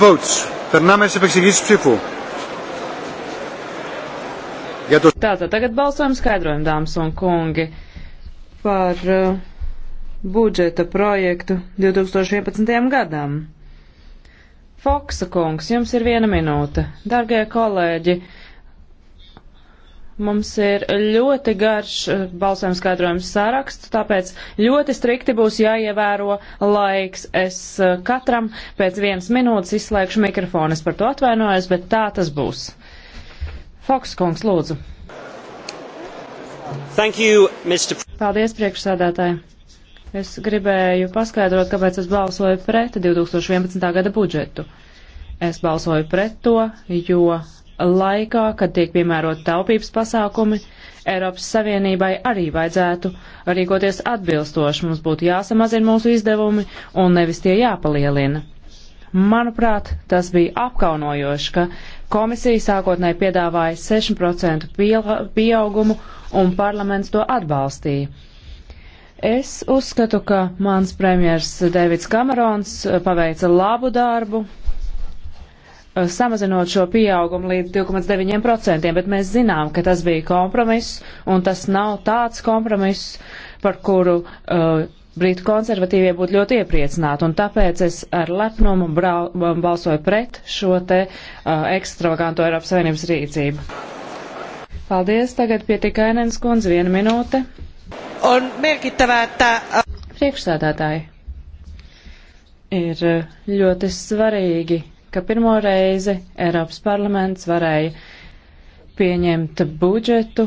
votes. Περνάμε στις επεξηγήσεις ψήφου. Για το... Tātad tagad balsojam skaidrojumu, dāmas un kungi, par uh, budžeta projektu 2011. gadam. Foksa kungs, jums ir viena minūte. Dargie kolēģi, Mums ir ļoti garš eh, balsojuma skaidrojums saraksts, tāpēc ļoti strikti būs jāievēro laiks. Es eh, katram pēc vienas minūtes izslēgšu mikrofonu. Es par to atvainojos, bet tā tas būs. Foks kungs, lūdzu. Thank you, Mr. Paldies, priekšsādātāji. Es gribēju paskaidrot, kāpēc es balsoju pret 2011. gada budžetu. Es balsoju pret to, jo laikā, kad tiek piemērot taupības pasākumi, Eiropas Savienībai arī vajadzētu rīkoties atbilstoši. Mums būtu jāsamazina mūsu izdevumi un nevis tie jāpalielina. Manuprāt, tas bija apkaunojoši, ka komisija sākotnēji piedāvāja 6% pieaugumu un parlaments to atbalstīja. Es uzskatu, ka mans premjers Deivids Kamerons paveica labu darbu, Eh, samazinot šo pieaugumu līdz 2,9%, bet mēs zinām, ka tas bija kompromiss, un tas nav tāds kompromiss, par kuru uh, Brītu konservatīvie būtu ļoti iepriecināti, un tāpēc es ar lepnumu brau, balsoju pret šo te uh, ekstravaganto Eiropas Savienības rīcību. Paldies, tagad pietikainens kundze, viena minūte. Un merkittävää, että... Priekšsādātāji, ir ļoti svarīgi ka pirmo reizi Eiropas parlaments varēja pieņemt budžetu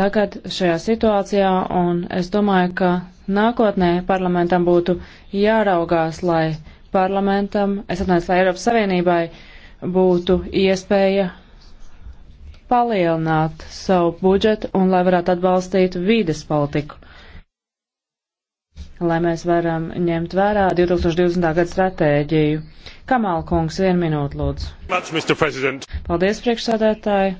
tagad šajā situācijā, un es domāju, ka nākotnē parlamentam būtu jāraugās, lai parlamentam, es atnācu, lai Eiropas Savienībai būtu iespēja palielināt savu budžetu un lai varētu atbalstīt vīdes politiku lai mēs varam ņemt vērā 2020. gada stratēģiju. Kamāla kungs, vienu minūtu lūdzu. Much, Paldies, priekšsādētāji.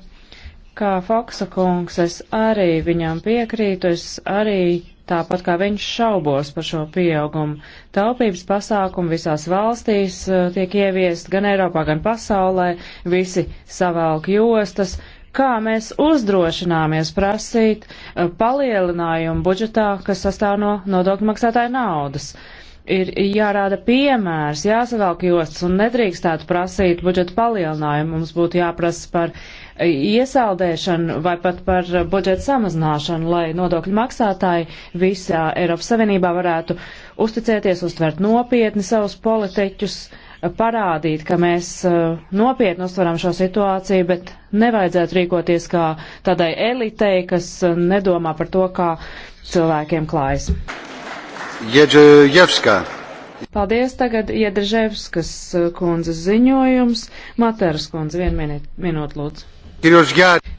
Kā Foksa kungs, es arī viņam piekrītu, es arī tāpat kā viņš šaubos par šo pieaugumu. Taupības pasākumi visās valstīs eh, tiek ieviest gan Eiropā, gan pasaulē, visi savalk jostas, kā mēs uzdrošināmies prasīt eh, palielinājumu budžetā, kas sastāv no nodokļu maksātāju naudas. Ir jārāda piemērs, jāsavalk jostas un nedrīkstētu prasīt budžeta palielinājumu. Mums būtu jāprasa par eh, iesaldēšanu vai pat par budžeta samazināšanu, lai nodokļu maksātāji visā Eiropas Savienībā varētu uzticēties, uztvert nopietni savus politiķus, uh, parādīt, ka mēs nopietni uztveram šo situāciju, bet nevajadzētu rīkoties kā tādai elitei, kas nedomā par to, kā cilvēkiem klājas. Jeģevska. Paldies tagad Iedrževskas kundzes ziņojums. Materas kundze, vienu minūtu lūdzu.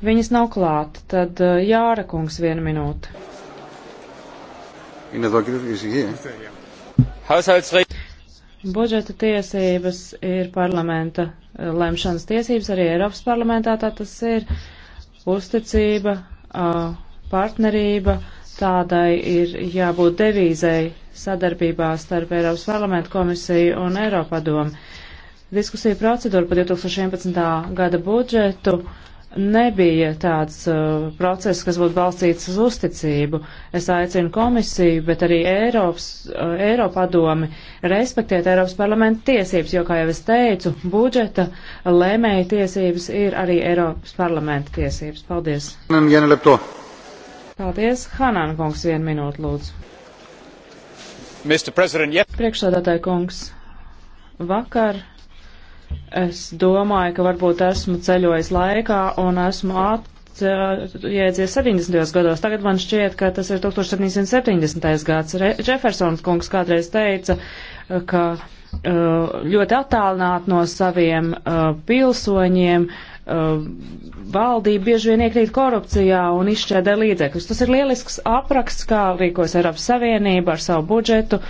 Viņas nav klāt, tad Jāra kungs vienu minūtu. Haushaltsrecht. Budžeta tiesības ir parlamenta eh, lemšanas tiesības, arī Eiropas parlamentā tā tas ir. Uzticība, eh, partnerība, tādai ir jābūt devīzei sadarbībā starp Eiropas parlamentu komisiju un Eiropadomu diskusiju procedūru par 2011. gada budžetu nebija tāds uh, process, kas būtu balstīts uz uzticību. Es aicinu komisiju, bet arī Eiropas, uh, Eiropa domi respektēt Eiropas parlamenta tiesības, jo, kā jau es teicu, budžeta lēmēja tiesības ir arī Eiropas parlamenta tiesības. Paldies. Paldies. Hanan kungs, vienu minūtu lūdzu. Priekšsādātāji kungs, vakar Es domāju, ka varbūt esmu ceļojis laikā un esmu atjēdzies 70. gados. Tagad man šķiet, ka tas ir 1770. gads. Re Jeffersons kungs kādreiz teica, ka uh, ļoti attālināt no saviem uh, pilsoņiem uh, valdība bieži vien iekrīt korupcijā un izšķēdē līdzekļus. Tas ir lielisks apraksts, kā rīkos Eiropas Savienība ar savu budžetu.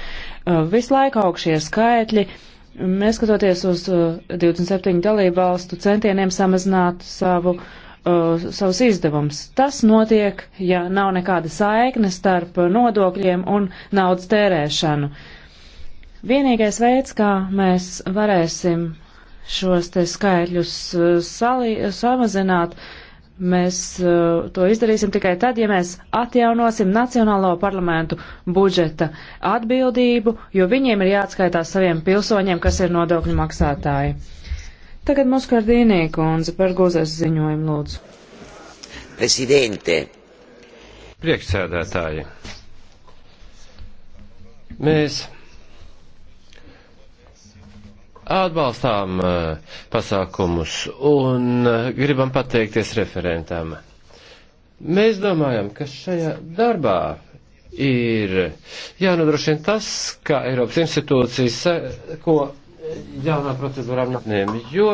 Visu laiku augšie skaitļi. Uh, Mēs skatoties uz 27 uh, dalību valstu centieniem samazināt savu, uh, savus izdevumus. Tas notiek, ja nav nekāda saikne starp nodokļiem un naudas tērēšanu. Vienīgais veids, kā mēs varēsim šos te skaitļus uh, sali, samazināt, uh, Mēs uh, to izdarīsim tikai tad, ja mēs atjaunosim Nacionālo parlamentu budžeta atbildību, jo viņiem ir jāatskaitās saviem pilsoņiem, kas ir nodokļu maksātāji. Tagad mums kārdīnī kundze par gozes ziņojumu lūdzu. Presidente. Priekšsēdētāji. Mēs. Mm atbalstām eh, pasākumus un eh, gribam pateikties referentam. Mēs domājam, ka šajā darbā ir jānodrošina tas, ka Eiropas institūcijas, ko jaunā procedūrām nākotnēm, jo,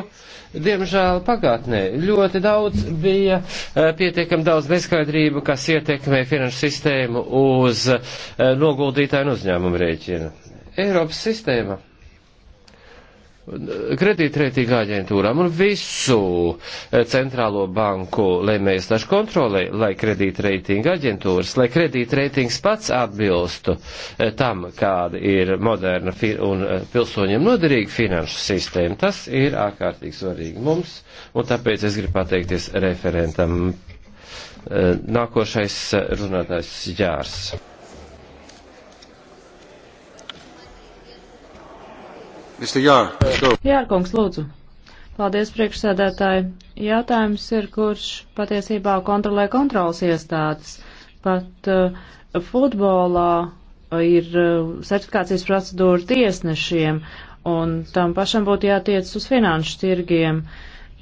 diemžēl, pagātnē ļoti daudz bija eh, pietiekami daudz neskaidrību, kas ietekmē finanšu sistēmu uz noguldītāju un uzņēmumu rēķinu. Eiropas sistēma kredītreitīga aģentūrām un visu eh, centrālo banku lēmējas tašu kontrolē, lai kredītreitīga aģentūras, lai kredītreitings pats atbilstu eh, tam, kāda ir moderna un eh, pilsoņiem noderīga finanšu sistēma. Tas ir ārkārtīgi svarīgi mums, un tāpēc es gribu pateikties referentam. Nākošais runātājs Jārs. Jārkungs, lūdzu. Paldies, priekšsēdētāji. Jātājums ir, kurš patiesībā kontrolē kontrolas iestādes. Pat uh, futbolā uh, ir uh, certifikācijas procedūra tiesnešiem, un tam pašam būtu jātiec uz finanšu tirgiem,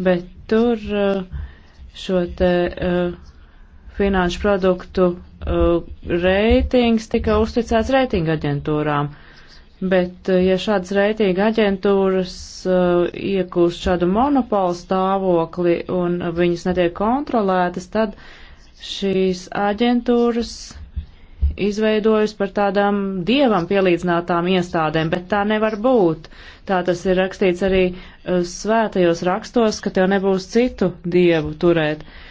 bet tur uh, šo te. Uh, finanšu produktu uh, reitings tika uzticēts reitinga aģentūrām. Uh, Bet, eh, ja šādas reitinga aģentūras uh, iegūst šādu monopolu stāvokli un viņas netiek kontrolētas, tad šīs aģentūras izveidojas par tādām dievam pielīdzinātām iestādēm, bet tā nevar būt. Tā tas ir rakstīts arī uh, svētajos rakstos, ka tev nebūs citu dievu turēt. Uh,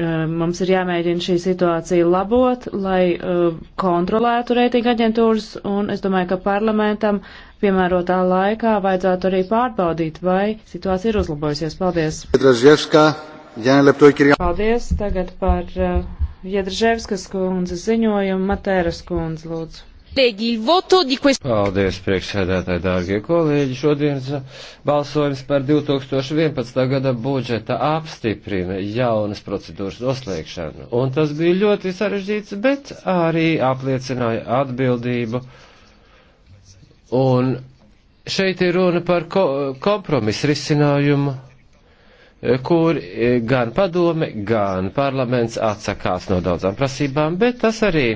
Eh, mums ir jāmēģina šī situācija labot, lai eh, kontrolētu reitinga aģentūras, un es domāju, ka parlamentam piemērotā laikā vajadzētu arī pārbaudīt, vai situācija ir uzlabojusies. Paldies! Paldies! Tagad par eh, Jedrževskas kundzes ziņojumu Matēras kundze lūdzu. Paldies, priekšsēdētāji, dārgie kolēģi. Šodienas balsojums par 2011. gada budžeta apstiprina jaunas procedūras noslēgšanu. Un tas bija ļoti sarežģīts, bet arī apliecināja atbildību. Un šeit ir runa par ko kompromisu risinājumu kur gan padome, gan parlaments atsakās no daudzām prasībām, bet tas arī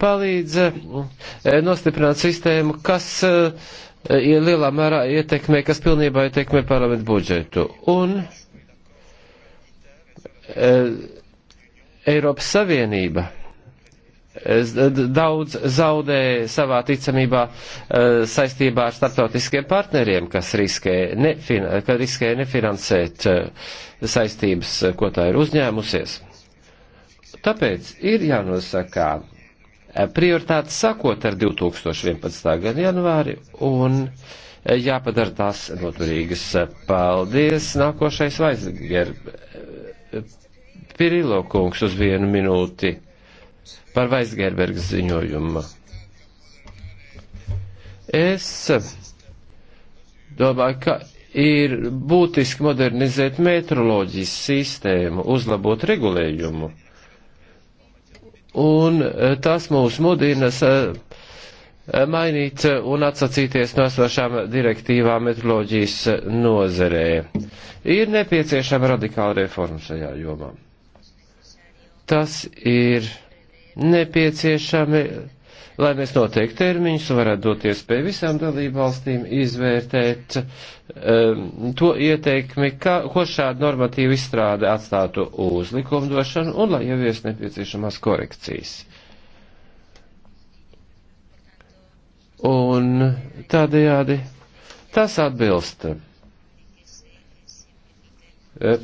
palīdz eh, nostiprināt sistēmu, kas eh, ir lielā mērā ietekmē, kas pilnībā ietekmē parlamentu budžetu. Un eh, Eiropas Savienība daudz zaudē savā ticamībā saistībā ar starptautiskiem partneriem, kas riskē, nefin ka riskē nefinansēt saistības, ko tā ir uzņēmusies. Tāpēc ir jānosaka Eh, prioritātes sakot ar 2011. gada janvāri un eh, jāpadara tās noturīgas. Paldies! Nākošais Vaisger eh, Pirilo kungs uz vienu minūti par Vaisgerbergas ziņojumu. Es domāju, ka ir būtiski modernizēt metroloģijas sistēmu, uzlabot regulējumu un eh, tas mūs mudina eh, mainīt eh, un atsacīties no esošām direktīvām metroloģijas nozerē. Ir nepieciešama radikāla reforma šajā jomā. Tas ir nepieciešami lai mēs noteikti termiņus varētu dot iespēju visām dalībvalstīm izvērtēt um, to ieteikmi, ka, ko šāda normatīva izstrāde atstātu uz likumdošanu un lai ievies nepieciešamās korekcijas. Un tādējādi tas atbilst uh,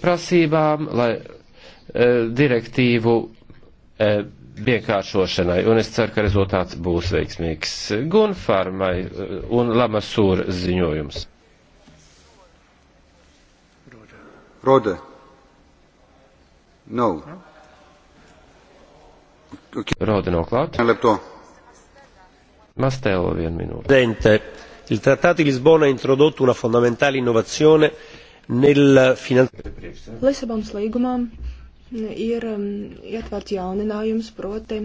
prasībām, lai uh, direktīvu uh, vienkāršošanai, un es ceru, ka rezultāts būs veiksmīgs. Gunfarmai uh, un Lamasūra ziņojums. Rode. Nav. No. Okay. Rode nav klāt. Mastelo vienu minūti. Presidente, il Trattato di Lisbona ha introdotto una fondamentale innovazione nel finanziamento. Lisabonas līgumā ir um, ietverts jauninājums, proti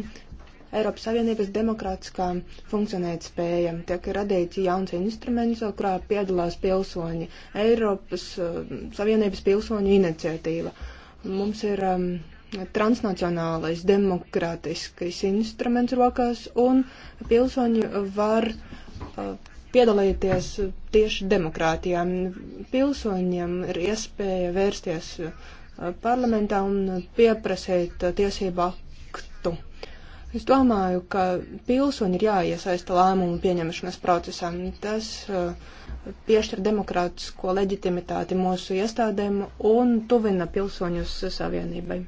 Eiropas Savienības demokrātiskā funkcionēt spēja. Tiek radīts jauns instruments, kurā piedalās pilsoņi, Eiropas um, Savienības pilsoņu iniciatīva. Mums ir um, transnacionālais demokrātiskais instruments rokās, un pilsoņi var uh, piedalīties tieši demokrātijām. Pilsoņiem ir iespēja vērsties uh, parlamentā un pieprasīt tiesību aktu. Es domāju, ka pilsoņi ir jāiesaista lēmumu pieņemšanas procesā. Tas uh, piešķir demokrātisko leģitimitāti mūsu iestādēm un tuvina pilsoņus savienībai.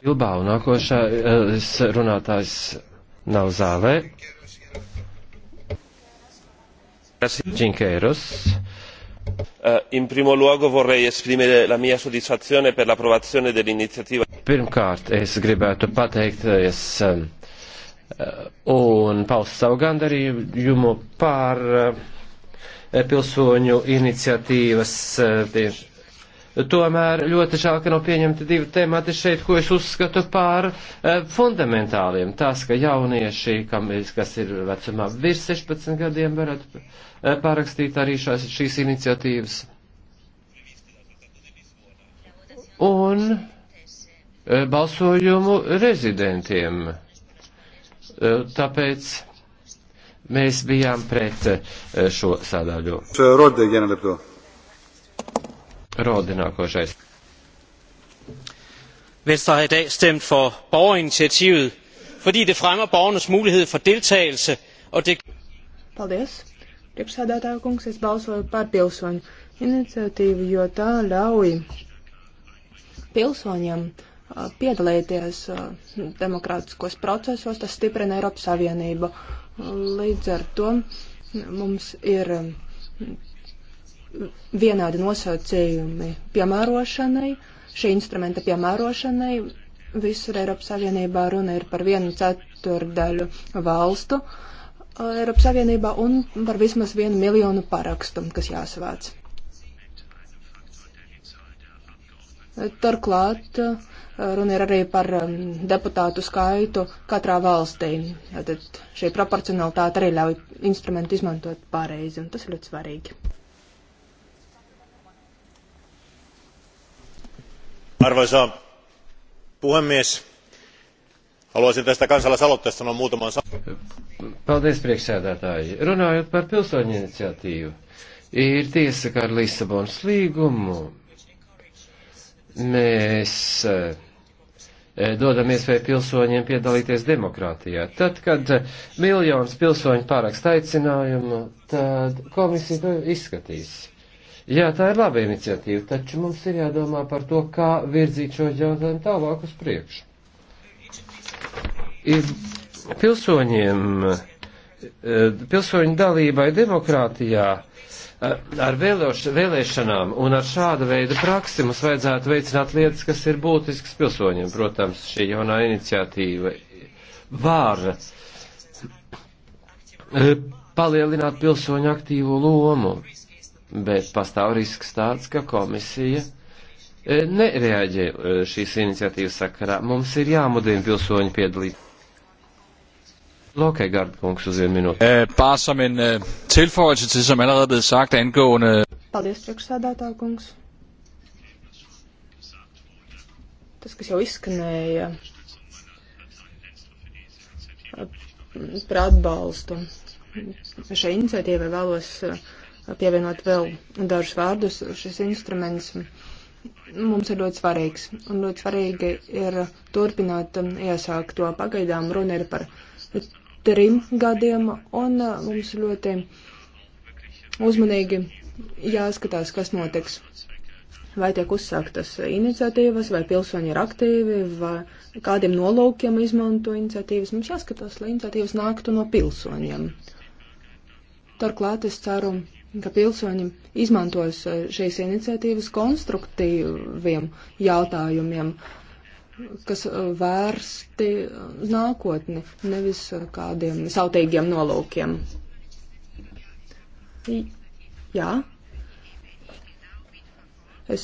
Bilbao nākošais uh, runātājs nav zālē. Tas ir Džinkēros. Eh, in primo luogo vorrei esprimere la mia soddisfazione per l'approvazione dell'iniziativa. Pirmkārt, es gribētu pateikties eh, un paust savu gandarījumu par eh, pilsoņu iniciatīvas tieši Tomēr ļoti žēl, ka nav pieņemti divi temati šeit, ko es uzskatu par eh, fundamentāliem. Tās, ka jaunieši, kam, kas ir vecumā virs 16 gadiem, varētu eh, parakstīt arī šās, šīs iniciatīvas. Un eh, balsojumu rezidentiem. Tāpēc mēs bijām pret šo sadaļu. Rodē, Rode nākošais. Venstre har i dag stemt for borgerinitiativet, fordi det fremmer borgernes mulighed for deltagelse, og det... Paldies. Priekšsēdētāja kungs, es balsoju par pilsoņu iniciatīvu, jo tā ļauj pilsoņiem piedalīties demokrātiskos procesos, tas stiprina Eiropas Savienību. Līdz ar to mums ir vienādi nosacījumi piemērošanai, šī instrumenta piemērošanai. Visur Eiropas Savienībā runa ir par vienu ceturdaļu valstu uh, Eiropas Savienībā un par vismaz vienu miljonu parakstu, kas jāsavāc. Turklāt uh, runa ir arī par um, deputātu skaitu katrā valstī. Tad šī proporcionalitāte arī ļauj instrumentu izmantot pareizi, un tas ir ļoti svarīgi. arvoisa puhemies haluaisin tästä kansalaisaloitteesta sanoa muutaman sanan. Paldies, priekšsēdētāji. Runājot par pilsoņu iniciatīvu, ir tiesa, ka ar Lisabonas līgumu mēs eh, dodam iespēju pilsoņiem piedalīties demokrātijā. Tad, kad miljons pilsoņu pāraksta aicinājumu, tad komisija to izskatīs. Jā, tā ir laba iniciatīva, taču mums ir jādomā par to, kā virzīt šo jautājumu tālāk uz priekšu. Ir pilsoņiem, eh, pilsoņu dalībai demokrātijā eh, ar vēlēšanām un ar šādu veidu praksi mums vajadzētu veicināt lietas, kas ir būtiskas pilsoņiem. Protams, šī jaunā iniciatīva var eh, palielināt pilsoņu aktīvo lomu bet pastāv risks tāds, ka komisija e, nereaģē e, šīs iniciatīvas sakarā. Mums ir jāmudina pilsoņi piedalīties. Lokai Gardkungs uz vienu minūti. Eh, bare som en eh, tilføjelse til, som allerede blev er sagt, angående... Paldies, priekšsēdētā kungs. Tas, kas jau izskanēja eh, par atbalstu šai iniciatīvai, vēlos uh, pievienot vēl dažus vārdus. Šis instruments mums ir ļoti svarīgs. Un ļoti svarīgi ir turpināt um, iesākt to pagaidām. Runa ir par trim gadiem, un uh, mums ļoti uzmanīgi jāskatās, kas notiks. Vai tiek uzsāktas iniciatīvas, vai pilsoņi ir aktīvi, vai kādiem nolūkiem izmanto iniciatīvas. Mums jāskatās, lai iniciatīvas nāktu no pilsoņiem. Turklāt es ceru, ka pilsoņi izmantos eh, šīs iniciatīvas konstruktīviem jautājumiem, kas eh, vērsti uz eh, nākotni, nevis kādiem sautīgiem nolūkiem. Jā. Es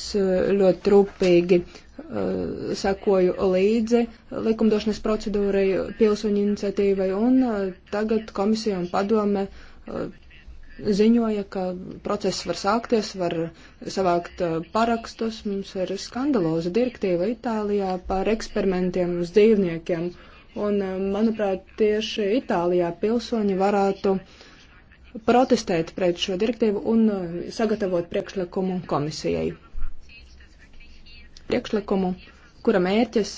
ļoti rūpīgi uh, sekoju līdzi likumdošanas procedūrai, pilsoņu iniciatīvai, un uh, tagad komisija un padome uh, ziņoja, ka process var sākties, var savākt parakstus. Mums ir skandaloza direktīva Itālijā par eksperimentiem uz dzīvniekiem. Un, manuprāt, tieši Itālijā pilsoņi varētu protestēt pret šo direktīvu un sagatavot priekšlikumu komisijai. Priekšlikumu, kura mērķis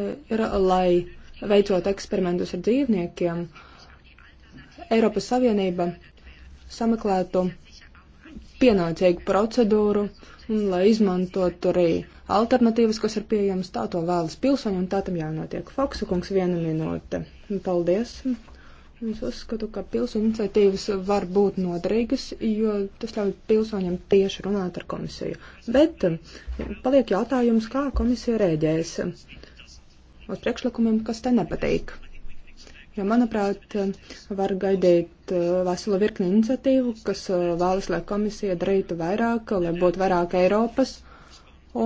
ir, lai veicot eksperimentus ar dzīvniekiem, Eiropas Savienība sameklētu pienācīgu procedūru, lai izmantot arī alternatīvas, kas ir pieejamas tā to vēlas pilsoņi, un tā tam jānotiek. Foksa kungs, viena minūte. Paldies! Es uzskatu, ka pilsoņu iniciatīvas var būt noderīgas, jo tas ļauj pilsoņiem tieši runāt ar komisiju. Bet paliek jautājums, kā komisija rēģēs uz priekšlikumiem, kas te nepatīk. Jo, manuprāt, var gaidīt eh, veselu virkni iniciatīvu, kas eh, vēlas, lai komisija darītu vairāk, lai būtu vairāk Eiropas.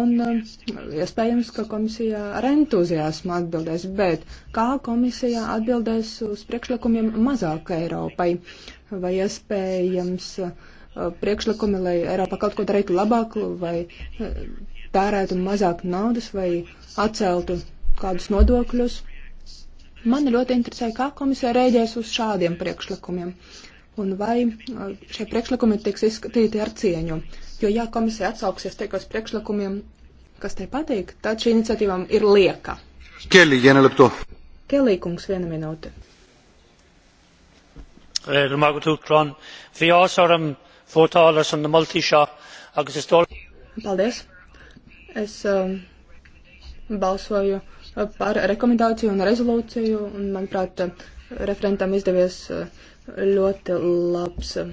Un eh, iespējams, ka komisija ar entuziasmu atbildēs, bet kā komisija atbildēs uz priekšlikumiem mazāk Eiropai? Vai iespējams priekšlikumi, lai Eiropa kaut ko darītu labāk, vai tērētu mazāk naudas, vai atceltu kādus nodokļus? Mani ļoti interesē, kā komisija rēģēs uz šādiem priekšlikumiem un vai uh, šie priekšlikumi tiks izskatīti ar cieņu. Jo, ja komisija atsauksies teikos priekšlikumiem, kas te patīk, tad šī iniciatīva ir lieka. Kelī, viena lepto. Kelī, kungs, viena minūte. Eh, nu, Paldies. Es um, balsoju par rekomendāciju un rezolūciju, un, manuprāt, referentam izdevies eh, ļoti labs eh,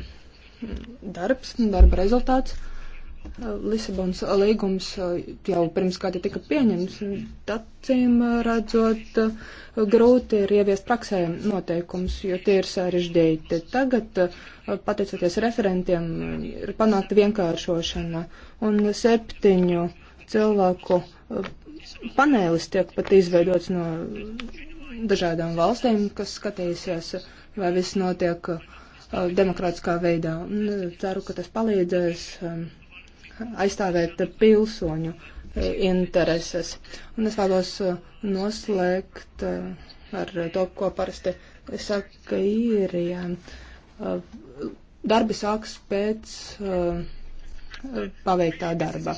darbs, darba rezultāts. Eh, Lisabons līgums jau pirms kāda tika pieņemts, un acīm redzot, grūti ir ieviest praksē noteikums, jo tie ir sarežģīti. Tagad, pateicoties referentiem, ir panākta vienkāršošana un septiņu cilvēku panelis tiek pat izveidots no dažādām valstīm, kas skatīsies, vai viss notiek uh, demokrātiskā veidā. Un uh, ceru, ka tas palīdzēs um, aizstāvēt pilsoņu uh, intereses. Un es vēlos noslēgt ar to, ko parasti saka īrijā. Darbi sāks pēc paveiktā darba.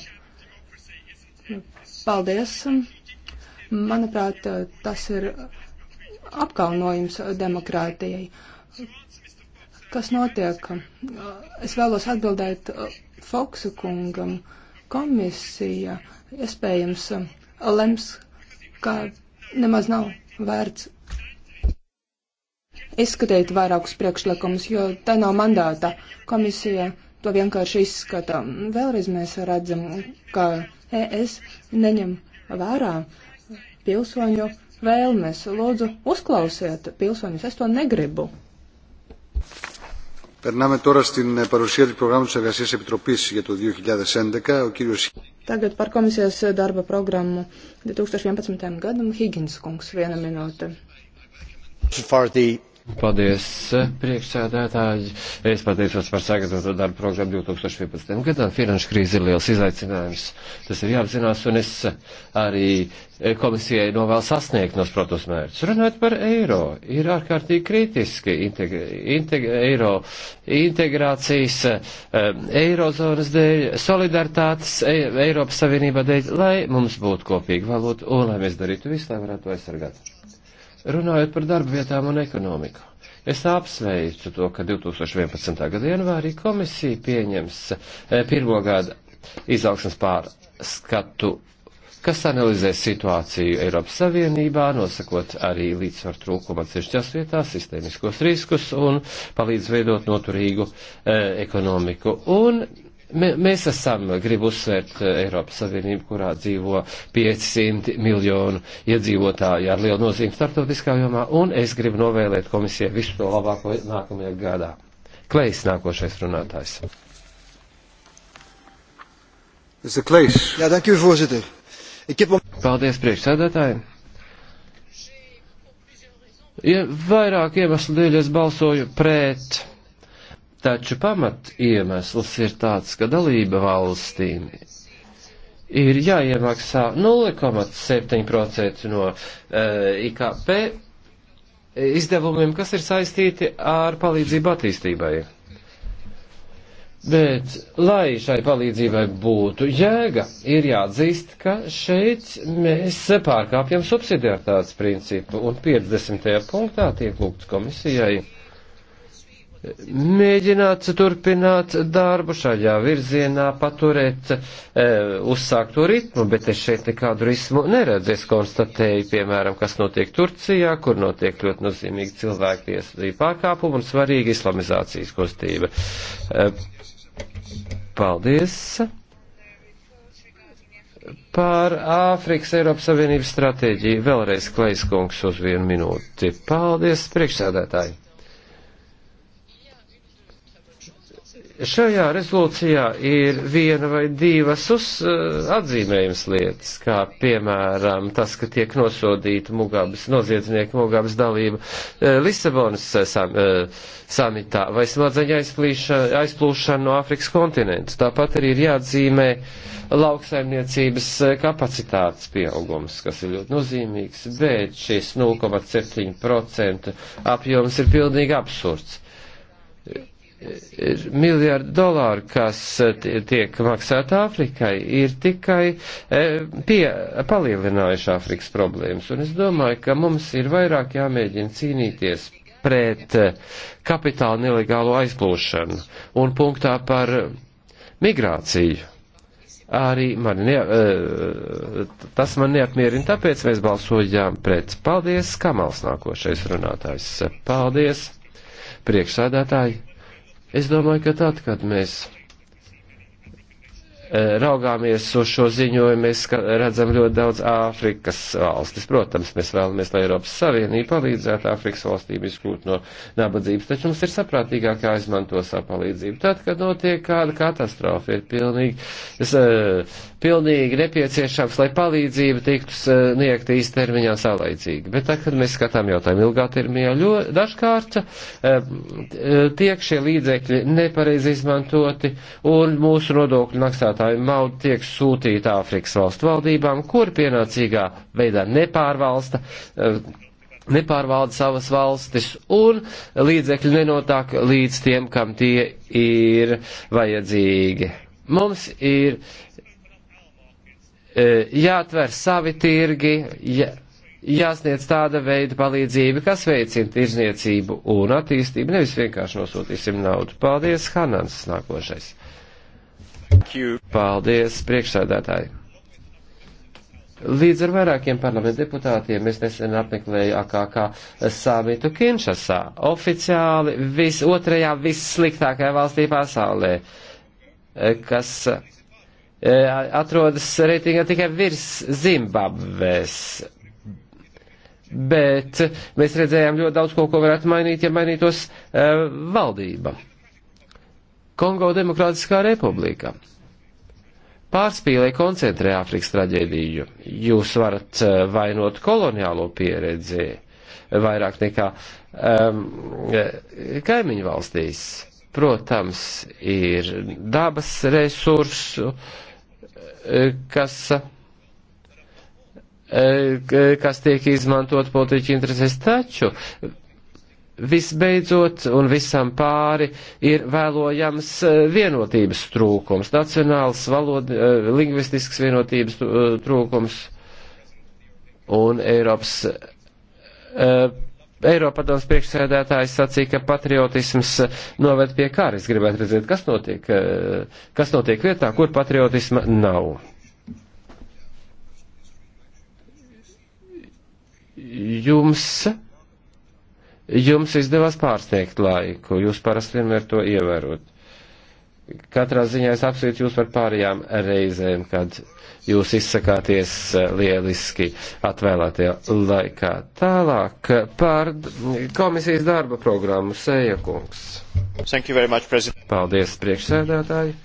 Paldies. Manuprāt, tas ir apkaunojums demokrātijai. Kas notiek? Es vēlos atbildēt Foksa kungam. Komisija iespējams lems, ka nemaz nav vērts izskatīt vairākus priekšlikumus, jo tā nav mandāta. Komisija to vienkārši izskata. Vēlreiz mēs redzam, ka ES neņem vērā pilsoņu vēlmes. Lūdzu, uzklausiet pilsoņus, es to negribu. Περνάμε τώρα στην παρουσία του προγράμματος εργασίας Επιτροπής για το 2011. Ο κύριος... Tagad par komisijas darba programmu 2011. gadam Higgins kungs viena minūte. For the Paldies, priekšsēdētāji. Es pateicos par sagatavotu darbu programmu 2011. gadam. Finanšu krīze ir liels izaicinājums. Tas ir jāapzinās, un es arī komisijai novēlu sasniegt nosprotos mērķus. Runājot par eiro, ir ārkārtīgi kritiski integra, integra, eiro integrācijas, um, eirozonas dēļ, solidaritātes e, Eiropas Savienībā dēļ, lai mums būtu kopīga valūta un lai mēs darītu visu, lai varētu aizsargāt Runājot par darba vietām un ekonomiku. Es apsveicu to, ka 2011. gada janvārī komisija pieņems e, pirmo gada izaugsmas pārskatu kas analizē situāciju Eiropas Savienībā, nosakot arī līdzsvaru trūkumu atsevišķās vietās, sistēmiskos riskus un palīdz veidot noturīgu e, ekonomiku. Un Mēs esam, gribu uzsvērt, eh, Eiropas Savienību, kurā dzīvo 500 miljonu iedzīvotāju ar lielu nozīmi startautiskā jomā, un es gribu novēlēt komisijai visu to labāko nākamajā gadā. Klejs nākošais runātājs. Jā, dank jūs, voorzitter. Paldies, priekšsēdētāji. Ja vairāk iemeslu dēļ es balsoju pret Taču pamat iemesls ir tāds, ka dalība valstīm ir jāiemaksā 0,7% no uh, eh, IKP izdevumiem, kas ir saistīti ar palīdzību attīstībai. Bet, lai šai palīdzībai būtu jēga, ir jāatzīst, ka šeit mēs pārkāpjam subsidiartāts principu, un 50. punktā tiek lūgts komisijai mēģināt turpināt darbu šajā virzienā, paturēt e, uzsākto ritmu, bet es šeit nekādu rismu neredzu. Es konstatēju, piemēram, kas notiek Turcijā, kur notiek ļoti nozīmīgi cilvēktiesību pārkāpumu un svarīga islamizācijas kustība. E, paldies! Par Āfrikas Eiropas Savienības stratēģiju vēlreiz Klaiskungs uz vienu minūti. Paldies, priekšsēdētāji! Šajā rezolūcijā ir viena vai divas uz uh, atzīmējums lietas, kā piemēram tas, ka tiek nosodīta Mugabes noziedznieka Mugabes dalība uh, Lisabonas eh, sam, uh, samitā vai smadzeņa aizplūšana no Afrikas kontinentu. Tāpat arī ir jāatzīmē lauksaimniecības kapacitātes pieaugums, kas ir ļoti nozīmīgs, bet šis 0,7% apjoms ir pilnīgi absurds miljārdu dolāru, kas eh, tiek maksāta Āfrikai, ir tikai eh, pie, palielinājuši Āfrikas problēmas. Un es domāju, ka mums ir vairāk jāmēģina cīnīties pret eh, kapitāla nelegālo aizplūšanu un punktā par migrāciju. Arī man ne, tas man neapmierina, tāpēc mēs balsojām pret. Paldies, Kamals nākošais runātājs. Paldies, priekšsādātāji Es domāju, ka tad, kad mēs e, raugāmies uz šo ziņojumu, mēs redzam ļoti daudz Āfrikas valstis. Protams, mēs vēlamies, lai Eiropas Savienība palīdzētu Āfrikas valstīm izkļūt no nabadzības, taču mums ir saprātīgāk jāizmanto savu palīdzību. Tad, kad notiek kāda katastrofa, ir pilnīgi es, e, pilnīgi nepieciešams, lai palīdzība tiktu sniegta īstermiņā saulaicīgi. Bet tā, kad mēs skatām jautājumu ilgā termiņā, ļo, dažkārt eh, tiek šie līdzekļi nepareizi izmantoti un mūsu nodokļu maksātāju maudu tiek sūtīta Āfrikas valstu valdībām, kur pienācīgā veidā nepārvalsta eh, nepārvalda savas valstis un līdzekļi nenotāk līdz tiem, kam tie ir vajadzīgi. Mums ir E, jāatver savi tirgi, jā, jāsniedz tāda veida palīdzība, kas veicina tirzniecību un attīstību, nevis vienkārši nosūtīsim naudu. Paldies, Hanans, nākošais. Paldies, priekšsēdētāji. Līdz ar vairākiem parlamentu deputātiem es nesen apmeklēju AKK samitu Kinšasā, oficiāli visotrajā vissliktākajā valstī pasaulē, kas E, atrodas reitingā tikai virs Zimbabves. Bet mēs redzējām ļoti daudz ko, ko varētu mainīt, ja mainītos uh, valdība. Kongo Demokrātiskā republika pārspīlē koncentrē Āfrikas traģēdiju. Jūs varat e, vainot koloniālo pieredzi vairāk nekā um, kaimiņu valstīs. Protams, ir dabas resursu uh, kas, e, kas tiek izmantot politiķu interesēs. Taču visbeidzot un visam pāri ir vēlojams e, vienotības trūkums, nacionāls valod, e, lingvistisks vienotības trūkums un Eiropas Eiropadoms priekšsēdētājs sacīja, ka patriotisms noved pie kara. Es gribētu redzēt, kas notiek, eh, kas notiek vietā, kur patriotisma nav. Jums, jums izdevās pārsniegt laiku, jūs parasti vienmēr to ievērot. Katrā ziņā es apsveicu jūs par pārējām reizēm, kad Jūs izsakāties eh, lieliski atvēlētajā laikā. Tālāk eh, par komisijas darba programmu Sēja kungs. Much, President. Paldies, priekšsēdētāji.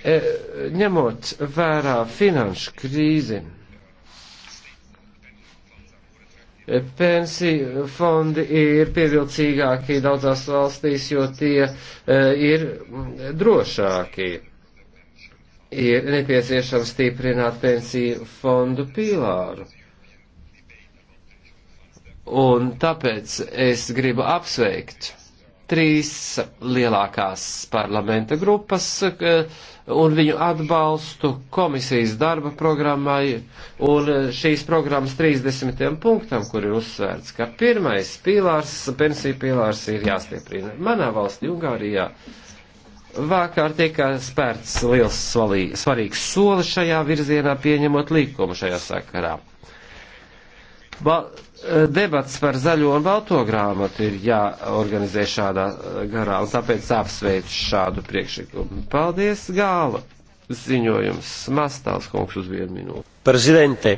E, ņemot vērā finanšu krīzi, pensiju fondi ir pievilcīgāki daudzās valstīs, jo tie e, ir mm, drošāki ir nepieciešams stiprināt pensiju fondu pīlāru. Un tāpēc es gribu apsveikt trīs lielākās parlamenta grupas eh, un viņu atbalstu komisijas darba programmai un eh, šīs programmas 30. punktam, kur ir uzsvērts, ka pirmais pīlārs, pensiju pīlārs ir jāstieprina. Manā valstī, Ungārijā, uh, Vakar tika spērts liels svalī, svarīgs solis šajā virzienā, pieņemot līkumu šajā sakarā. Ba eh, debats par zaļo un balto grāmatu ir jāorganizē šādā eh, garā, un tāpēc apsveicu šādu priekšlikumu. Paldies, Gāla! Ziņojums Mastāls kungs uz vienu minūti. Prezidente,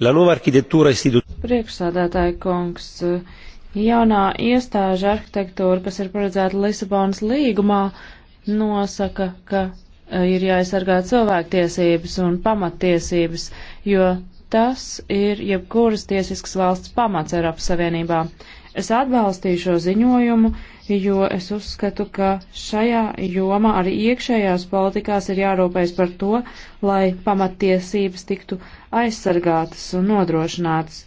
la nuova architektūra institūta. Priekšsādātāja kungs, eh, jaunā iestāža arhitektūra, kas ir paredzēta Lisabonas līgumā, nosaka, ka e, ir jāaizsargā cilvēktiesības un pamattiesības, jo tas ir jebkuras tiesiskas valsts pamats Eiropas Savienībā. Es atbalstīju šo ziņojumu, jo es uzskatu, ka šajā jomā arī iekšējās politikās ir jārūpējas par to, lai pamattiesības tiktu aizsargātas un nodrošinātas.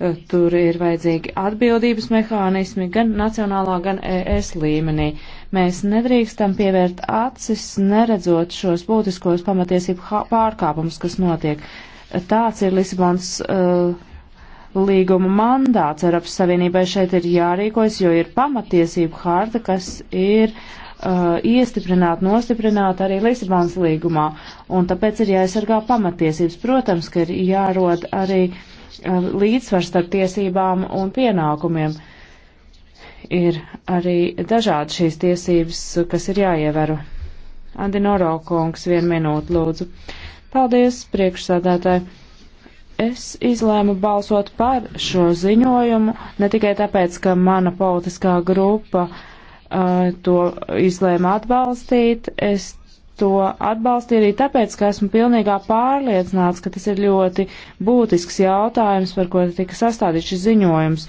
E, tur ir vajadzīgi atbildības mehānismi gan nacionālā, gan ES līmenī. Uh, Mēs nedrīkstam pievērt acis, neredzot šos būtiskos pamatiesību pārkāpumus, kas notiek. Tāds ir Lisabons uh, līguma mandāts Eiropas Savienībai. Šeit ir jārīkojas, jo ir pamatiesību harta, kas ir uh, iestiprināt, nostiprināt arī Lisabonas līgumā, un tāpēc ir jāaizsargā pamatiesības. Protams, ka ir jārod arī uh, līdzsvars starp tiesībām un pienākumiem ir arī dažādi šīs tiesības, kas ir jāievēro. Andi Noraukungs, vienu minūtu lūdzu. Paldies, priekšsādātāji. Es izlēmu balsot par šo ziņojumu ne tikai tāpēc, ka mana politiskā grupa uh, to izlēma atbalstīt, es to atbalstīju arī tāpēc, ka esmu pilnīgā pārliecināts, ka tas ir ļoti būtisks jautājums, par ko tika sastādīts šis ziņojums.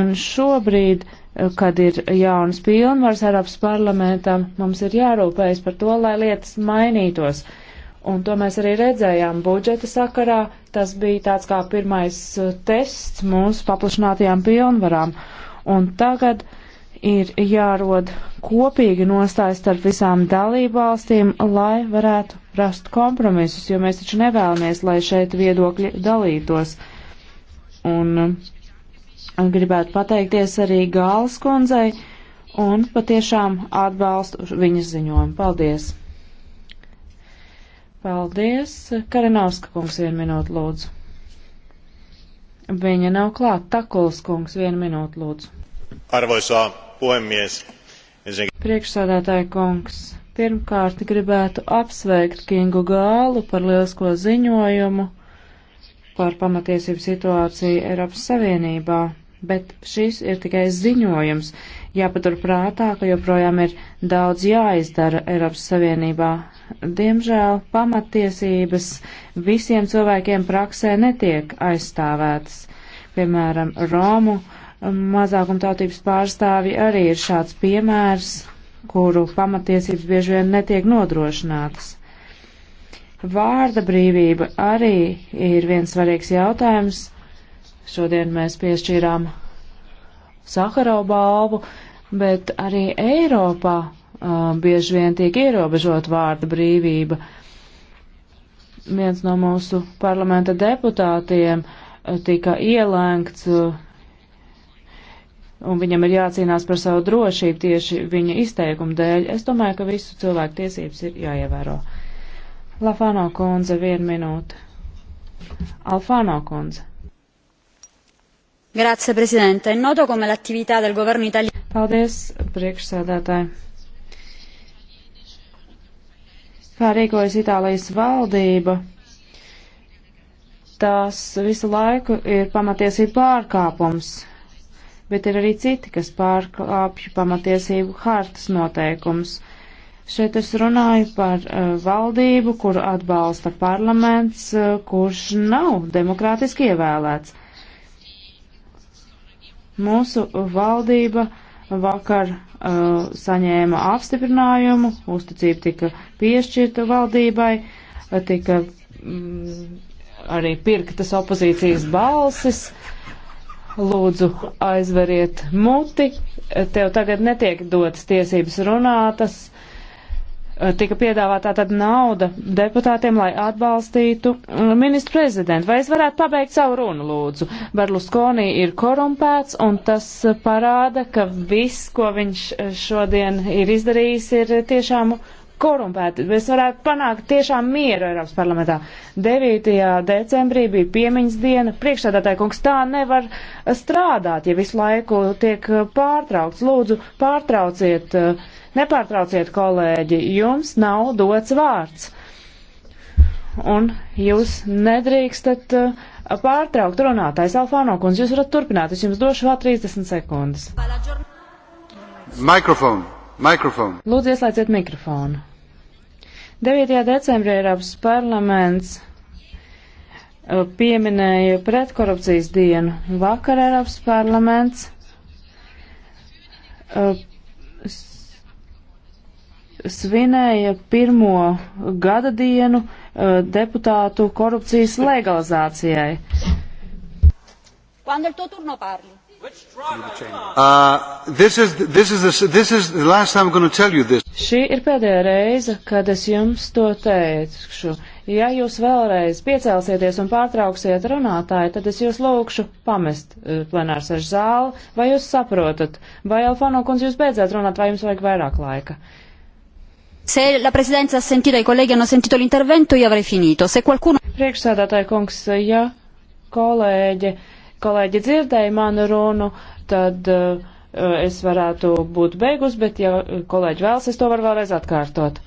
Un šobrīd uh, Eh, kad ir jaunas pilnvaras Eiropas parlamentam, mums ir jārūpējas par to, lai lietas mainītos. Un to mēs arī redzējām budžeta sakarā. Tas bija tāds kā pirmais eh, tests mūsu paplašinātajām pilnvarām. Un tagad ir jārod kopīgi nostājas starp visām dalībvalstīm, lai varētu rast kompromisus, jo mēs taču nevēlamies, lai šeit viedokļi dalītos. Un Gribētu pateikties arī Gāles kundzei un patiešām atbalstu viņas ziņojumu. Paldies! Paldies! Karinovska kungs vienu minūtu lūdzu. Viņa nav klāt. Takulas kungs vienu minūtu lūdzu. Arvoisā puhemies. Priekšsādātāja kungs. Pirmkārt gribētu apsveikt Kingu Gālu par lielisko ziņojumu par pamatiesību situāciju Eiropas Savienībā bet šis ir tikai ziņojums. Jāpatur prātā, ka joprojām ir daudz jāizdara Eiropas Savienībā. Diemžēl pamatiesības visiem cilvēkiem praksē netiek aizstāvētas. Piemēram, Romu mazākumtautības pārstāvi arī ir šāds piemērs, kuru pamatiesības bieži vien netiek nodrošinātas. Vārda brīvība arī ir viens svarīgs jautājums Šodien mēs piešķīrām Saharau balvu, bet arī Eiropā uh, bieži vien tiek ierobežot vārda brīvība. Viens no mūsu parlamenta deputātiem uh, tika ielēgts, uh, un viņam ir jācīnās par savu drošību tieši viņa izteikumu dēļ. Es domāju, ka visu cilvēku tiesības ir jāievēro. Lafano kundze, vienu minūti. Alfano kundze. Grazie, prezidente. È noto come l'attività del governo italiano. Paldies, priekšsēdētāji. Kā rīkojas Itālijas valdība? Tās visu laiku ir pamatiesība pārkāpums, bet ir arī citi, kas pārkāpju pamatiesību hartas noteikums. Šeit es runāju par uh, valdību, kuru atbalsta parlaments, uh, kurš nav demokrātiski ievēlēts. Mūsu valdība vakar uh, saņēma apstiprinājumu, uzticība tika piešķirta valdībai, tika mm, arī pirktas opozīcijas balsis. Lūdzu, aizveriet muti, tev tagad netiek dotas tiesības runātas. Uh, Eh, tika piedāvāta tad nauda deputātiem, lai atbalstītu eh, ministru prezidentu. Vai es varētu pabeigt savu runu, lūdzu? Berlusconi ir korumpēts, un tas eh, parāda, ka viss, ko viņš šodien ir izdarījis, ir tiešām korumpēti. Mēs varētu panākt tiešām mieru Eiropas parlamentā. 9. decembrī bija piemiņas diena. Priekšstādātāja kungs tā nevar strādāt, ja visu laiku tiek pārtraukts. Lūdzu, pārtrauciet. Uh, Nepārtrauciet, kolēģi, jums nav dots vārds. Un jūs nedrīkstat uh, pārtraukt runātājs Alfāno kundze. Jūs varat turpināt, es jums došu vēl 30 sekundes. Mikrofonu, mikrofonu. Lūdzu, ieslēdziet mikrofonu. 9. decembrī Eiropas parlaments uh, pieminēja pretkorupcijas dienu. Vakar Eiropas parlaments uh, svinēja pirmo gada dienu uh, deputātu korupcijas legalizācijai. Uh, this is, this is the, this is Šī ir pēdējā reize, kad es jums to teikšu. Ja jūs vēlreiz piecelsieties un pārtrauksiet runātāju, tad es jūs lūkšu pamest uh, plenārsēžu zāli, vai jūs saprotat, vai Alfano kundze jūs beidzat runāt, vai jums vajag vairāk laika. Uh, Se la Presidenza ha sentito, i colleghi hanno sentito l'intervento, io avrei finito. Se qualcuno... Priekšsēdētāji kungs, ja kolēģi, kolēģi dzirdēja manu runu, tad uh, es varētu būt beigus, bet ja kolēģi vēlas, es to varu vēlreiz atkārtot.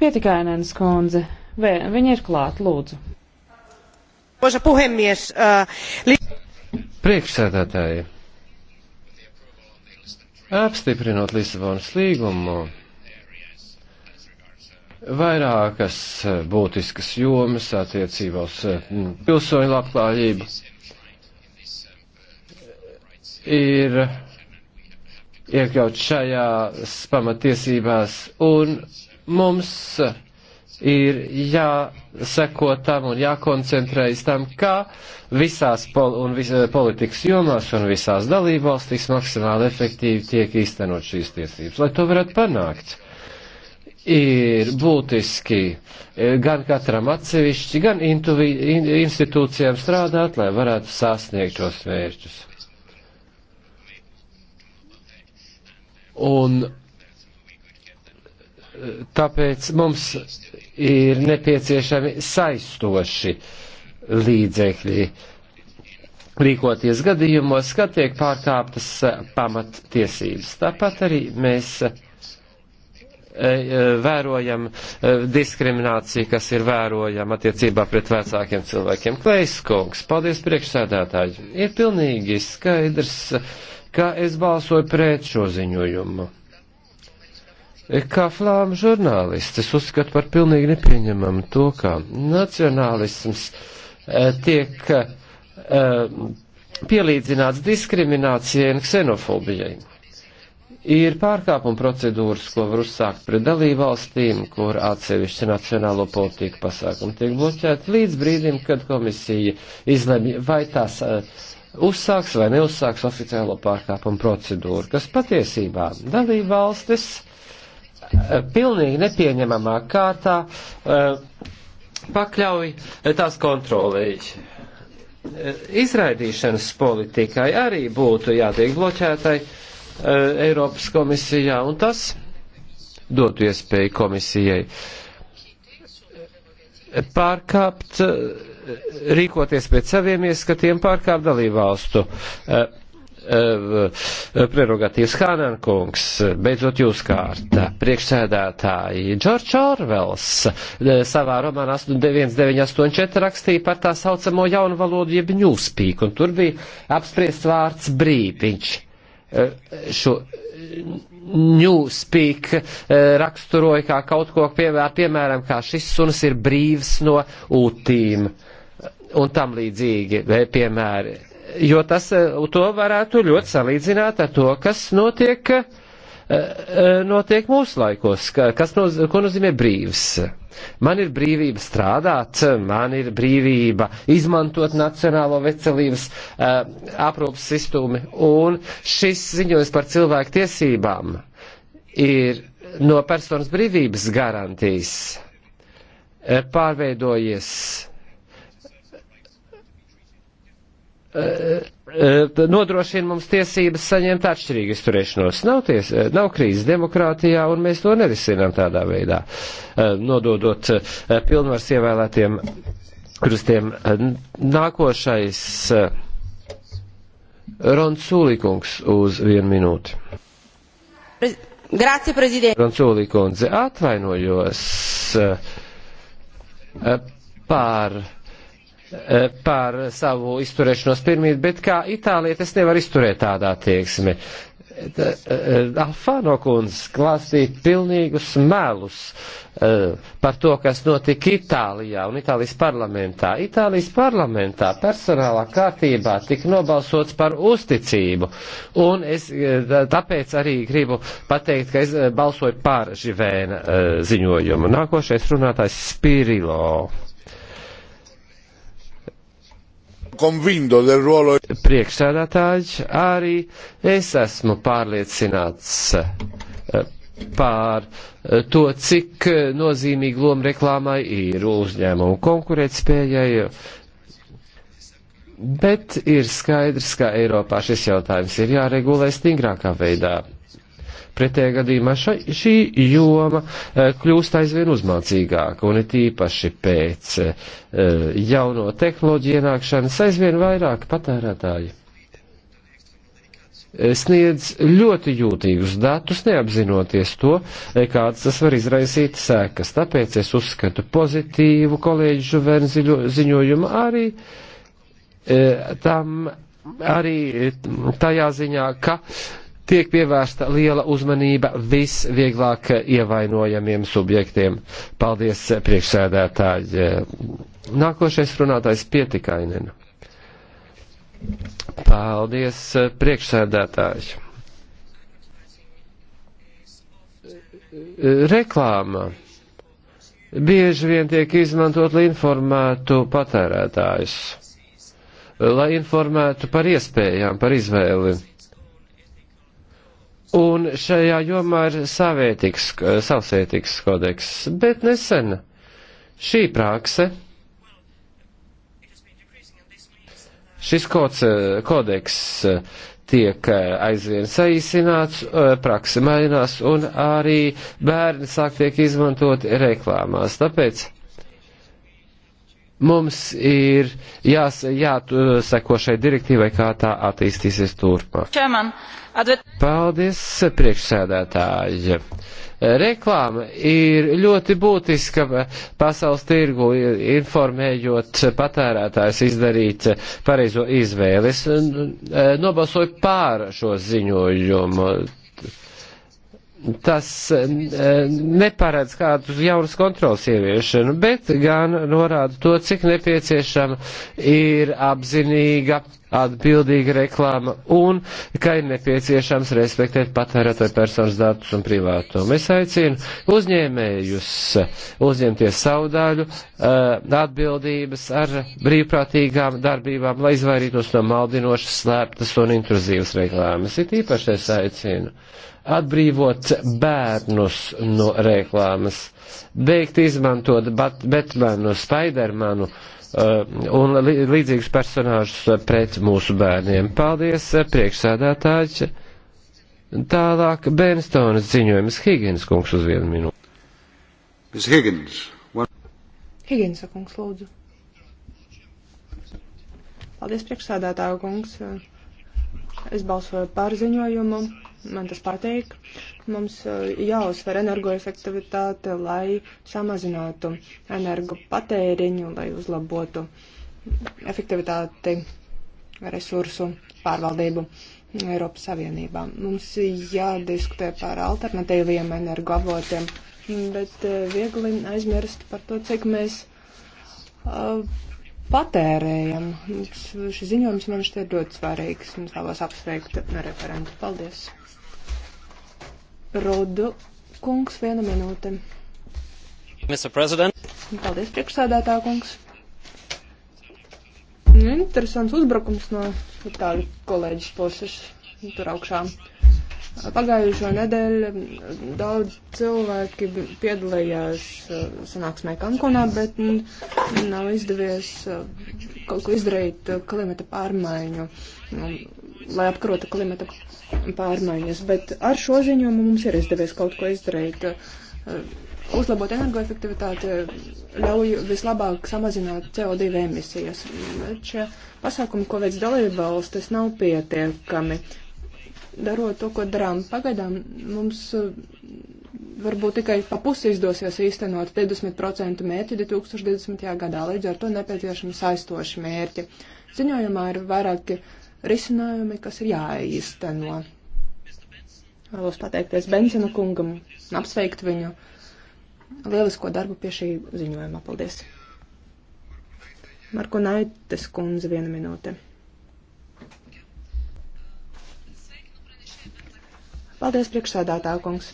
Pietikainēns kundze, viņa ir klāt, lūdzu. Arvoisa puhemies, eh, Priekšsēdētāji, apstiprinot Lisabonas līgumu, vairākas eh, būtiskas jomas attiecībā uz eh, pilsoņu labklājību. Ir iekļaut šajās pamatiesībās, un mums eh, ir jāseko tam un jākoncentrējas tam, kā visās pol un vis politikas jomās un visās dalībvalstīs maksimāli efektīvi tiek īstenot šīs tiesības, lai to varētu panākt ir būtiski e, gan katram atsevišķi, gan intuvi, in, institūcijām strādāt, lai varētu sasniegt šos mērķus. Un e, tāpēc mums ir nepieciešami saistoši līdzekļi rīkoties gadījumos, kad tiek pārkāptas e, pamattiesības. Tāpat arī mēs E, e, vērojam e, diskrimināciju, kas ir vērojama attiecībā pret vecākiem cilvēkiem. Kleiskungs, paldies priekšsēdētāji. Ir pilnīgi skaidrs, ka es balsoju pret šo ziņojumu. Kā flāma žurnālists, es uzskatu par pilnīgi nepieņemamu to, ka nacionālisms tiek pielīdzināts diskriminācijai un ksenofobijai. Ir pārkāpuma procedūras, ko var uzsākt pret dalībvalstīm, kur atsevišķi nacionālo politiku pasākumu tiek bloķēti līdz brīdim, kad komisija izlemj, vai tās uh, uzsāks vai neuzsāks oficiālo pārkāpumu procedūru, kas patiesībā dalībvalstis uh, pilnīgi nepieņemamā kārtā uh, pakļauj tās kontrolēji. Izraidīšanas politikai arī būtu jātiek bloķētai Eh, Eiropas komisijā, un tas dotu iespēju komisijai pārkāpt, eh, rīkoties pēc saviem ieskatiem, pārkāpt dalībvalstu eh, prerogatīvas Hanankungs, beidzot jūs kārta, priekšsēdētāji. Džordžs Orvels savā romānā 1984 rakstīja par tā saucamo jaunu valodu jeb ņūspīku, un tur bija apspriests vārds brīpiņš šo newspeak eh, raksturoja kā kaut ko, piemēram, kā šis suns ir brīvs no ūtīm un tam līdzīgi piemēri. Jo tas, eh, to varētu ļoti salīdzināt ar to, kas notiek, eh, notiek mūsu laikos, kas, no, ko nozīmē brīvs. Man ir brīvība strādāt, man ir brīvība izmantot nacionālo veselības uh, aprūpas sistēmu, un šis ziņojums par cilvēku tiesībām ir no personas brīvības garantijas eh, pārveidojies nodrošina mums tiesības saņemt atšķirīgu izturēšanos. Nav, ties, nav krīzes demokrātijā, un mēs to nerisinām tādā veidā, eh, nododot eh, pilnvars ievēlētiem krustiem. Nākošais eh, Ronsūlikungs uz vienu minūti. Grācija, prezidents. Ronsūlikundze, atvainojos par Eh, par savu izturēšanos pirmīt, bet kā Itāliet es nevaru izturēt tādā attieksmi. Eh, eh, Alfano kundze klāstīja pilnīgus melus par to, kas notika Itālijā un Itālijas parlamentā. Itālijas parlamentā personālā kārtībā tika nobalsots par uzticību, un es tāpēc arī gribu pateikt, ka es balsoju par Živēna ziņojumu. Nākošais runātājs Spirilo. convinto del ruolo. Priekšsēdētāji, arī es esmu pārliecināts eh, pār eh, to, cik eh, nozīmīgi loma reklāmai ir uzņēmumu konkurētspējai, bet ir skaidrs, ka Eiropā šis jautājums ir jāregulē stingrākā veidā. Pretējā gadījumā ša, šī joma eh, kļūst aizvien uzmācīgāka, un it īpaši pēc eh, jauno tehnoloģiju ienākšanas aizvien vairāk patērētāji eh, sniedz ļoti jūtīgus datus, neapzinoties to, kādas tas var izraisīt sēkas. Tāpēc es uzskatu pozitīvu kolēģi Žuvēnu ziņojumu arī tam, arī tajā ziņā, ka tiek pievērsta liela uzmanība visvieglāk ievainojamiem subjektiem. Paldies, priekšsēdētāji. Nākošais runātājs pietikainen. Paldies, priekšsēdētāji. Reklāma bieži vien tiek izmantot, lai informētu patērētājus, lai informētu par iespējām, par izvēli. Un šajā jomā ir savētīgs, savsētīgs kodeks, bet nesen šī prakse, šis kods, kodeks tiek aizvien saīsināts, prakse mainās un arī bērni sāk tiek izmantoti reklāmās. Tāpēc mums ir jās, jāseko šai direktīvai, kā tā attīstīsies turpmāk. Paldies, priekšsēdētāji. Reklāma ir ļoti būtiska pasaules tirgu, informējot patērētājs izdarīt pareizo izvēli. Es nobalsoju pār šo ziņojumu tas eh, neparedz kādu jaunas kontrolas ieviešanu, bet gan norāda to, cik nepieciešama ir apzinīga, atbildīga reklāma un ka ir nepieciešams respektēt patērētāju personas datus un privātumu. Es aicinu uzņēmējus uzņemties savu daļu eh, atbildības ar brīvprātīgām darbībām, lai izvairītos no maldinošas, slēptas un intruzīvas reklāmas. Ir īpaši es aicinu atbrīvot bērnus no reklāmas, beigt izmantot Bat Batmanu, Spidermanu uh, un līdzīgus personāžus pret mūsu bērniem. Paldies, uh, priekšsēdētāji! Tālāk Bernstonas ziņojums Higgins kungs uz vienu minūti. Ms. Higgins. One... Higgins kungs, lūdzu. Paldies, priekšsādātāju kungs. Es balsoju par ziņojumu man tas patīk. Mums uh, jāuzsver energoefektivitāte, lai samazinātu energo patēriņu, lai uzlabotu efektivitāti resursu pārvaldību Eiropas Savienībā. Mums jādiskutē par alternatīviem energoavotiem, bet uh, viegli aizmirst par to, cik mēs uh, patērējam. Šis ziņojums man šķiet ļoti svarīgs. Mums vēlos apsveikt referentu. Paldies! Rudu kungs, viena minūte. Paldies, priekšsēdētā kungs. Nu, interesants uzbrukums no itāļu kolēģis puses tur augšā. Pagājušo nedēļu daudz cilvēki piedalījās uh, sanāksmē Kankunā, bet nu, nav izdevies uh, kaut ko izdarīt uh, klimata pārmaiņu nu, lai apkarotu klimata pārmaiņas, bet ar šo ziņojumu mums ir izdevies kaut ko izdarīt. Uh, uzlabot energoefektivitāti uh, ļauj vislabāk samazināt CO2 emisijas. Šie uh, pasākumi, ko veids dalība valstis, nav pietiekami. Darot to, ko darām pagaidām, mums varbūt tikai pa pusi izdosies īstenot 50% mērķi 2020. gadā, līdz ar to nepieciešami saistoši mērķi. Ziņojumā ir vairāki risinājumi, kas ir jāīsteno. Vēlos pateikties Bensina kungam un apsveikt viņu lielisko darbu pie šī ziņojuma. Paldies! Marko Naites kundze viena minūte. Paldies, priekšsādātā kungs.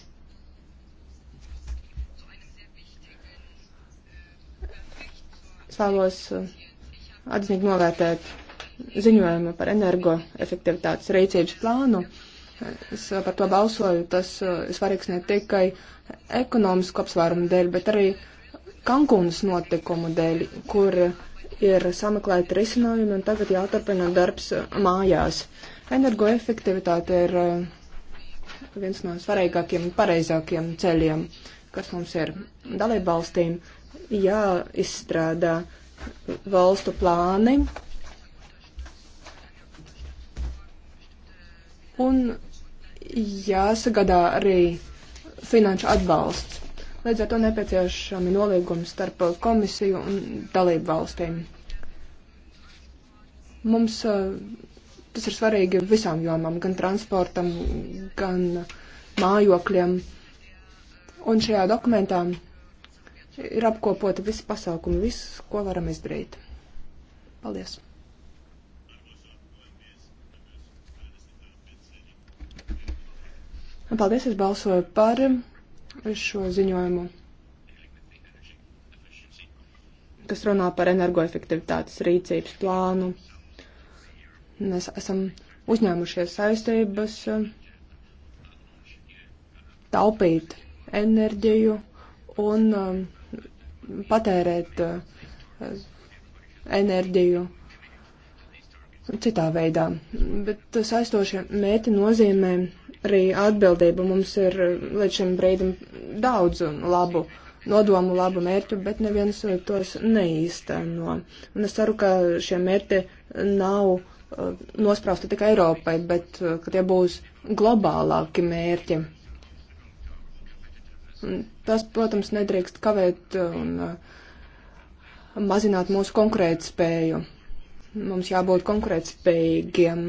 Es vēlos uh, atzinīgi novērtēt ziņojumu par energoefektivitātes rīcības plānu. Es eh, par to balsoju, tas eh, svarīgs ne tikai ekonomisku apsvērumu dēļ, bet arī Kankūnas notikumu dēļ, kur ir sameklēti risinājumi un tagad jāturpina darbs mājās. Energoefektivitāte ir eh, viens no svarīgākiem un pareizākiem ceļiem, kas mums ir dalībvalstīm jāizstrādā valstu plāni un jāsagadā arī finanšu atbalsts. Līdz ar to nepieciešami nolīgumi starp komisiju un dalību valstīm. Mums eh, tas ir svarīgi visām jomām, gan transportam, gan mājokļiem. Un šajā dokumentā ir apkopota visi pasākumi, viss, ko varam izdarīt. Paldies! Paldies, es balsoju par šo ziņojumu, kas runā par energoefektivitātes rīcības plānu. Mēs esam uzņēmušies saistības taupīt enerģiju un um, patērēt uh, enerģiju citā veidā. Bet saistošie mērķi nozīmē arī atbildība. Mums ir eh, līdz šim brīdim daudz labu nodomu, labu mērķu, bet neviens tos neīsteno. Un es ceru, ka šie mērķi nav eh, nosprausti tikai Eiropai, bet eh, ka tie būs globālāki mērķi. Tas, protams, nedrīkst kavēt un mazināt mūsu konkurētspēju. Mums jābūt konkurētspējīgiem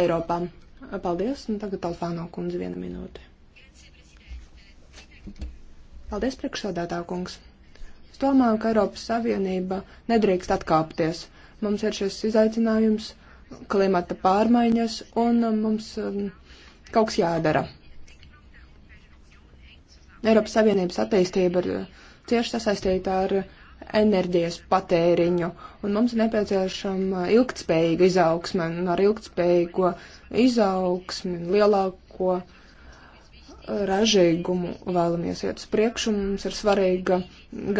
Eiropā. Paldies, un tagad Alfāno kundze viena minūte. Paldies, priekšsādātā kungs. Es domāju, ka Eiropas Savienība nedrīkst atkāpties. Mums ir šis izaicinājums, klimata pārmaiņas, un mums um, kaut kas jādara. Eiropas Savienības attīstība ir uh, cieši sasaistīta ar enerģijas patēriņu, un mums nepieciešama ilgtspējīga izaugsme, un ar ilgtspējīgo izaugsmi lielāko uh, ražīgumu vēlamies iet uz priekšu. Mums ir svarīga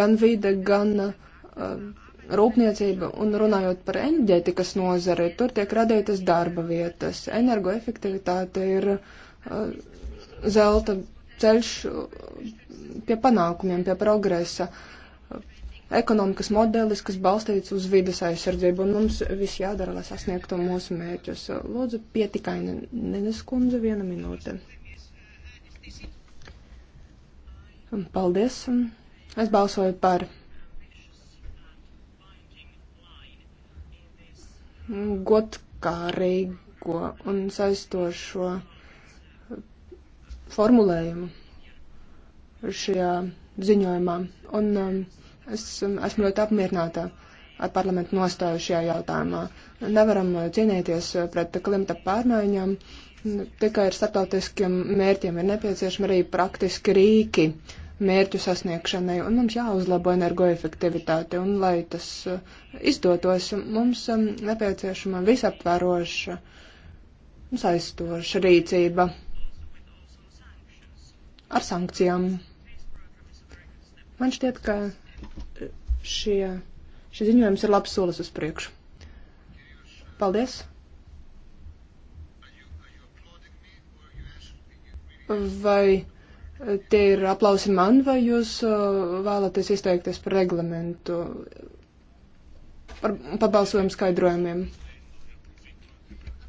gan vide, gan uh, rūpniecība, un runājot par enerģētikas nozari, tur tiek radītas darba vietas. Energoefektivitāte ir uh, zelta ceļš uh, pie panākumiem, pie progresa. Uh, ekonomikas modelis, kas balstīts uz vides aizsardzību, un mums viss jādara, lai sasniegtu mūsu mērķus. Lūdzu, pietikaini Neneskundze, viena minūte. Paldies. Es balsoju par godkārīgo un saistošo formulējumu šajā ziņojumā. Un, um, Es esmu ļoti apmierināta ar parlamentu nostāju šajā jautājumā. Nevaram cīnīties pret klimata pārmaiņām, tikai ar starptautiskiem mērķiem ir nepieciešami arī praktiski rīki mērķu sasniegšanai, un mums jāuzlabo energoefektivitāte, un lai tas uh, izdotos, mums um, nepieciešama visaptvaroša, saistoša rīcība ar sankcijām. Man šķiet, ka šie, šie ziņojums ir labs solis uz priekšu. Paldies! Vai tie ir aplausi man, vai jūs uh, vēlaties izteikties par reglamentu, par pabalsojumu skaidrojumiem?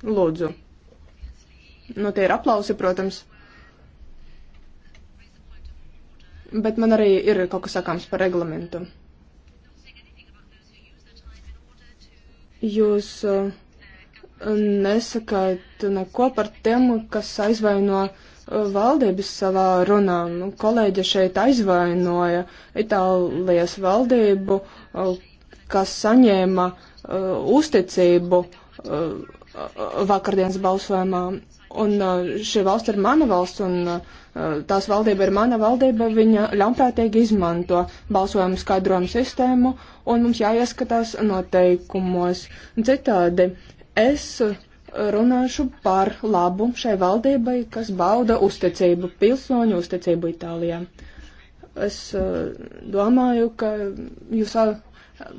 Lūdzu. Nu, tie ir aplausi, protams. bet man arī ir kaut kas sakāms par reglamentu. Jūs uh, nesakāt neko par tiem, kas aizvaino uh, valdības savā runā. Nu, kolēģe šeit aizvainoja Itālijas valdību, uh, kas saņēma uh, uzticību uh, vakardienas balsojumā Un uh, šī valsts ir mana valsts, un uh, tās valdība ir mana valdība. Viņa ļaunprātīgi izmanto balsojumu skaidrojumu sistēmu, un mums jāieskatās noteikumos. Citādi es runāšu par labu šai valdībai, kas bauda uzticību, pilsoņu uzticību Itālijā. Es uh, domāju, ka jūs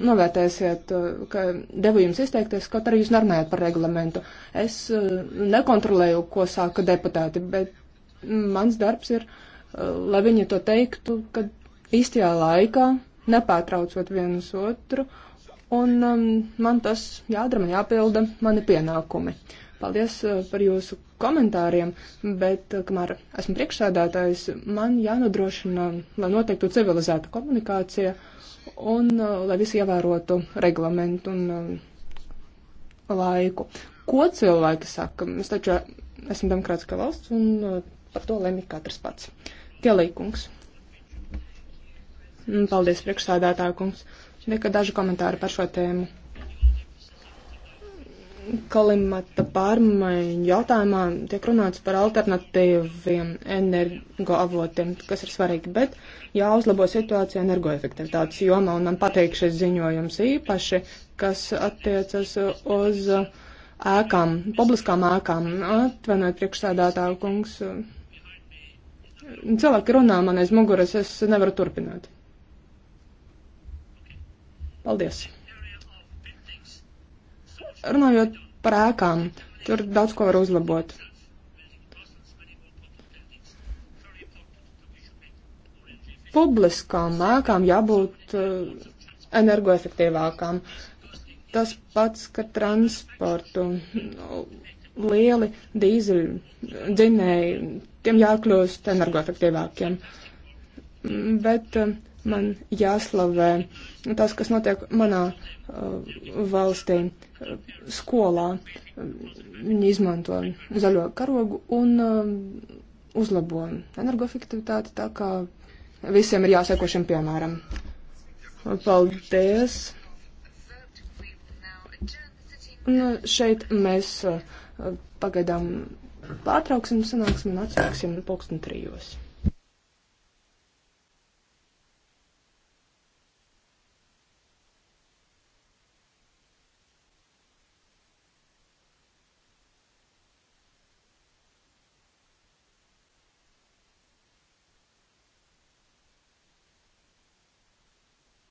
novērtēsiet, uh, ka devu jums izteikties, kaut arī jūs nerunājat par reglamentu. Es uh, nekontrolēju, ko sāka deputāti, bet mans darbs ir, uh, lai viņi to teiktu, kad īstajā laikā, nepārtraucot vienus otru, un um, man tas jādara, man jāpilda mani pienākumi. Paldies uh, par jūsu komentāriem, bet uh, kamēr esmu priekšsēdētājs, man jānodrošina, lai noteiktu civilizēta komunikācija. Uh, un uh, lai visi ievērotu reglamentu un uh, laiku. Ko cilvēki saka? Mēs taču esam demokrātiskā valsts un uh, par to lemj katrs pats. Tielīkungs. Mm, paldies, priekšsādātāja kungs. Tikai daži komentāri par šo tēmu. Kalimata pārmaiņu jautājumā tiek runāts par alternatīviem energoavotiem, kas ir svarīgi, bet jāuzlabo situācija energoefektivitātes jomā, un man patīk šis ziņojums īpaši, kas attiecas uz ēkām, publiskām ēkām. Atvainojiet, priekšsēdētā kungs. Cilvēki runā man aiz muguras, es nevaru turpināt. Paldies! Runājot par ēkām, tur daudz ko var uzlabot. Publiskām ēkām jābūt eh, energoefektīvākām. Tas pats, ka transportu lieli dīzeļu dzinēji, tiem jākļūst energoefektīvākiem. Mm, bet uh, man jāslavē tas, kas notiek manā uh, valstī uh, skolā. Viņi izmanto zaļo karogu un uh, uzlabo energoefektivitāti, tā kā visiem ir jāseko šim piemēram. Paldies! Un uh, šeit mēs uh, pagaidām pārtrauksim sanāksmi un atsāksim pulksten trijos.